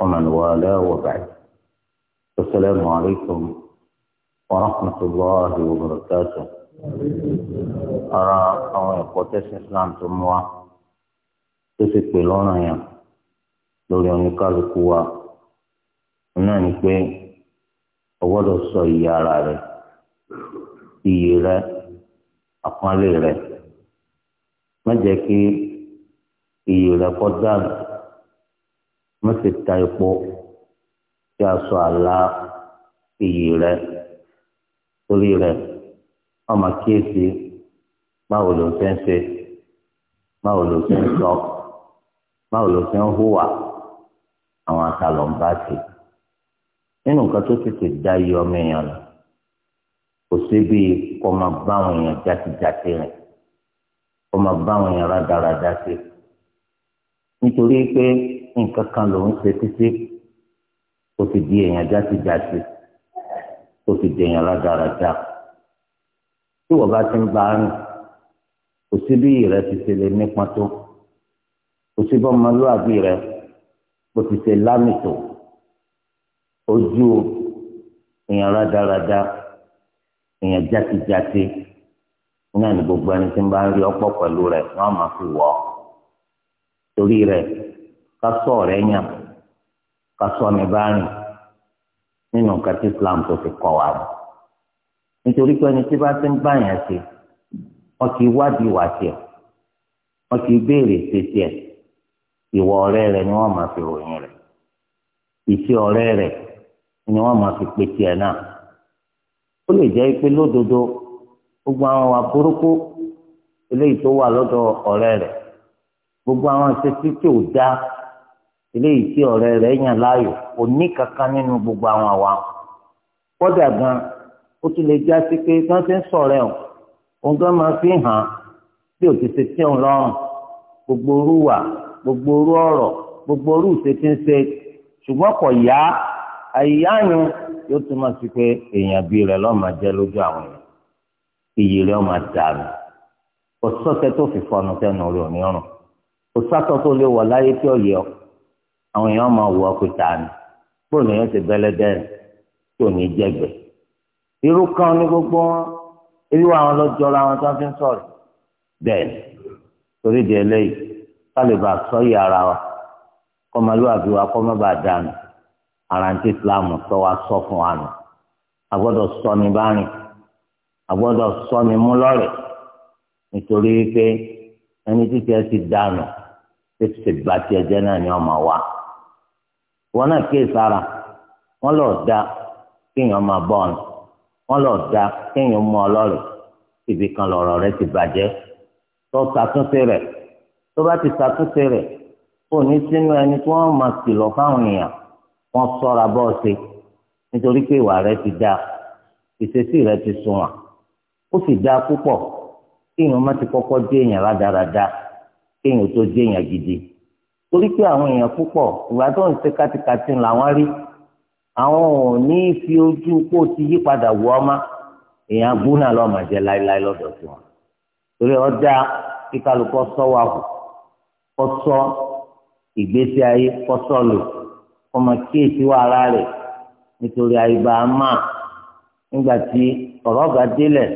ومن والاه وبعد السلام عليكم ورحمة الله وبركاته أرى أو قتس إسلام تموا تسك بلونا يا لولي ونكال قوة ناني كي أولو سيارة لي iye rẹ àpọ́nlé rẹ má jẹ́ má ṣe ta epo kí a sọ àlà iyì rẹ torí rẹ ọmọ kíyèsí báwo ló ṣe ń ṣe báwo ló ṣe ń sọ báwo ló ṣe ń hùwà àwọn àtàlọ́ ń bá ṣe nínú nǹkan tó tètè dá iye ọmọ èèyàn lọ kò sí bí kò máa bá àwọn èèyàn játijáti rìn kò máa bá àwọn èèyàn rádaràdá sí i nítorí pé nǹkan kan lòún ṣe títí ó ti di èèyàn jásíjásí ó ti di èèyàn rádaràda tí wọ́n bá ti ń bá rìn kò sí bí rẹ ti ṣe lè nípa tó kò sí bọ́ ọmọlúwàbí rẹ bó ti ṣe lámìtò ojú èèyàn rádaràda èèyàn jásíjásí náà ni gbogbo ẹni tí ń bá ń rí ọ̀pọ̀ pẹ̀lú rẹ wọ́n máa fi wọ̀ ọ́ torí rẹ̀ kásọ rẹ yàn kásọ ní bá rìn nínú nǹkan tí Islam tó fi kọ́ wa rẹ̀ nítorí pé ẹni tí bá ti ń bá yàn ṣe wọn kì í wádìí wá tiẹ̀ wọn kì í béèrè ṣe tiẹ̀ ìwọ ọ̀rẹ́ rẹ̀ ni wọn máa fi ròyìn rẹ̀ ìṣe ọ̀rẹ́ rẹ̀ ni wọn máa fi pe tiẹ̀ náà ó lè jẹ́ pé lódodo gbogbo àwọn wa burúkú eléyìí tó wà lọ́dọ̀ ọ̀rẹ́ rẹ̀ gbogbo àwọn ìṣesí tí ò dá eléyìí tí ọ̀rẹ́ rẹ̀ yàn láàyò kò ní kankan nínú gbogbo àwọn àwa kódà gan ó tún lè já sí pé tí wọ́n ti ń sọ̀rẹ́ o òun gan máa fi hàn bí ò ti ṣe tí òun lọ́rùn gbogbo orú wà gbogbo orú ọ̀rọ̀ gbogbo orú ìṣe ti ń ṣe ṣùgbọ́n kò yá àyíyáyún yóò tún máa sí pé èèyàn bíi rẹ̀ lọ́ọ́ jẹ́ lójú àwọn èèyàn iyì rẹ̀ máa dànù kò tó fi fọnù tẹnu rẹ̀ ò ní ọ̀rùn kò sátọ tó lè wọ láyé tí ó yẹ ọ àwọn èèyàn máa wọ ọkùnrin tà ní bó ni yẹn ti bẹlẹdẹ tí ò ní jẹgbẹ irú kan ní gbogbo wọn irú àwọn lọjọra wọn tó fi ń sọ̀rọ̀ bẹ́ẹ̀ torí di eléyìí kálíbà sọ yìí ara wa kọmọlúwàbí wa kọmọ bá dànù àràǹtí islam sọ wa sọ fún wa nù agbọ́dọ̀ sọ ní bá rìn agbọ́dọ̀ sọ ní mú lọrẹ nítorí pé ẹni títí ẹ ti dànù tètè bá tiẹ̀ jẹ́ náà ni ọmọ wa wọn náà kíyè sára wọn lọ da kéèyàn máa bọ ọnà wọn lọ da kéèyàn mú ọ lọrẹ ibi kan lọ́rọ̀ rẹ̀ ti bàjẹ́ tó ṣàtúnṣe rẹ̀ tó bá ti ṣàtúnṣe rẹ̀ kò ní sínú ẹni tí wọn máa kìlọ̀ fáwọn èèyàn wọn ṣọ́ra bọ́ọ̀sì nítorí pé ìwà rẹ̀ ti dáa ìṣesí rẹ̀ ti sunwọ̀n ó sì dáa púpọ̀ kéèyàn má ti kọ́kọ́ dé èèyàn rádaràda. Rada kéèyàn tó jẹ́ èèyàn gidi torí pé àwọn èèyàn púpọ̀ ìgbà tó ń ṣe kátikati làwọn rí àwọn ò ní fi ojú kó ti yí padà wọ ọmọ èèyàn gbóná lọ́ọ́ máa jẹ láéláé lọ́dọ̀ sí wọn torí ọjà kíkálukọ́ sọ wà hù kọ́ sọ ìgbésí ayé kọ́ sọ lò kọ́ máa kíyèsí wàhálà rẹ̀ nítorí àyíbá máa nígbà tí ọ̀rọ̀ ọ̀gá délẹ̀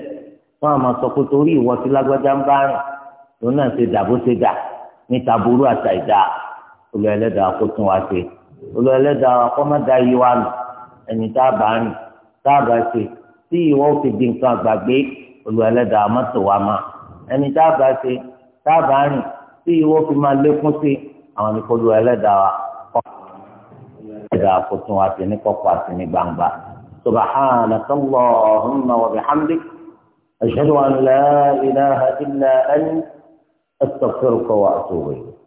wọ́n á máa sọ pé torí ìwọ lágbájá ń bá rìn lòun náà ṣe dà bó ṣe dà níta burú àtà ìdá olú ẹlẹ́dàá kó tún wá ṣe olú ẹlẹ́dàá kó má da yí wa nù ẹni tá a bá rìn tá a bá ṣe tí ìwọ ò fi di nǹkan àgbàgbé olú ẹlẹ́dàá má tò wá ẹni tá a bá ṣe tá a bá rìn tí ìwọ fi máa lékún sí àwọn ní olú ẹlẹ́dàá kọ́ ẹlẹ́dàá kó tún wá ṣe ní kọ̀kọ̀ àti ní gbangba subhanaka allahumma wa bihamdik ashhadu an la ilaha illa anta. استغفرك واتوب اليك